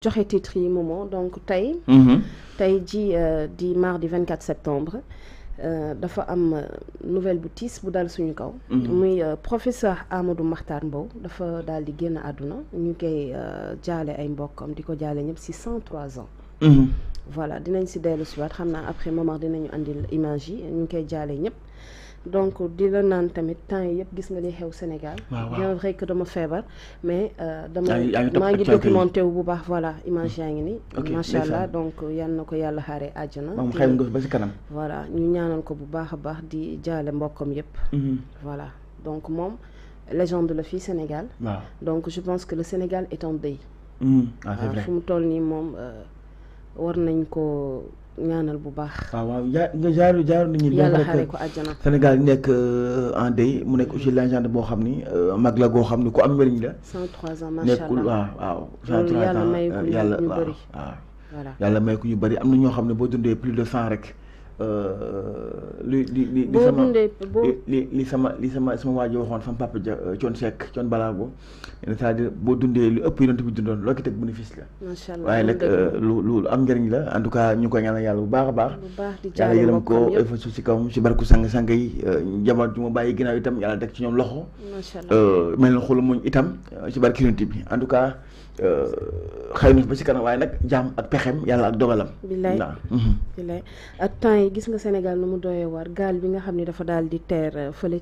joxe titre yi moment donc tey mhm. tay ji euh, di mardi 24 septembre euh, dafa am euh, nouvelle boutisse, tiis bu dal suñu kaw mhm. muy professeur Amadou Mahtar Mbow dafa dal di génn aduna ñu kay jalé ay mbokkam diko jalé ñep ñëpp si 103 ans mhm. voilà dinañ si dellu si waat xam naa après moment dinañu andil image yi ñu kay jalé ñep donc dila nan tamit temps yépp gis nga li xew Sénégal bien vrai que dama fébar mais euh, dama ma ngi documenté wu bu baax voilà image yaa ngi ni machallah donc yal na ko yàlla xaaree àjjana xew nga ba si kanam voilà ñu ñaanal ko bu baax a baax di jaale mbokkam yépp mhm. voilà donc moom légende la fii Sénégal donc je pense que le Sénégal est en deuil waaw mhm. ah, fu mu toll nii moom euh, war nañ ko ñaanal bu baax. Ah, waaw waaw ja jaaru jaaru nit ñi. yàlla xaaree ko àjjana Sénégal nekk euh, en deuil mu nekk aussi légende boo xam ni euh, mag la goo xam ni ku am njëriñ la. 103 ans macha allah nekkul waaw waaw. yàlla may ko ñu bëri ñu bëri am na ñoo xam ne boo dundee plus de 100 rek. Euh, li li li li sama li li sama li sama sama waa ji waxoon sama papa ja coon euh, Seck coon Balago c'est-à-dire boo dundee lu ëpp yonent bi dundoon loo ko teg bénéfice la. macha allah waaye nag euh, la en tout cas ñu ko ñaanal yàlla bu baax a baax. bu baax di yàlla yërëm ko fa suuf si kawam si barku sang-sang yi njaboot ju ma bàyyi ginnaaw itam yàlla teg ñoom loxo. macha mel na xolu muñ itam si barki yonent bi en tout cas. xëy na si kanam waaye nag jaam ak pexem yàlla ak dogalam. bilaay mhm. bilaay gis nga Sénégal nu mu doyee war gaal bi nga xam ne dafa daal di teer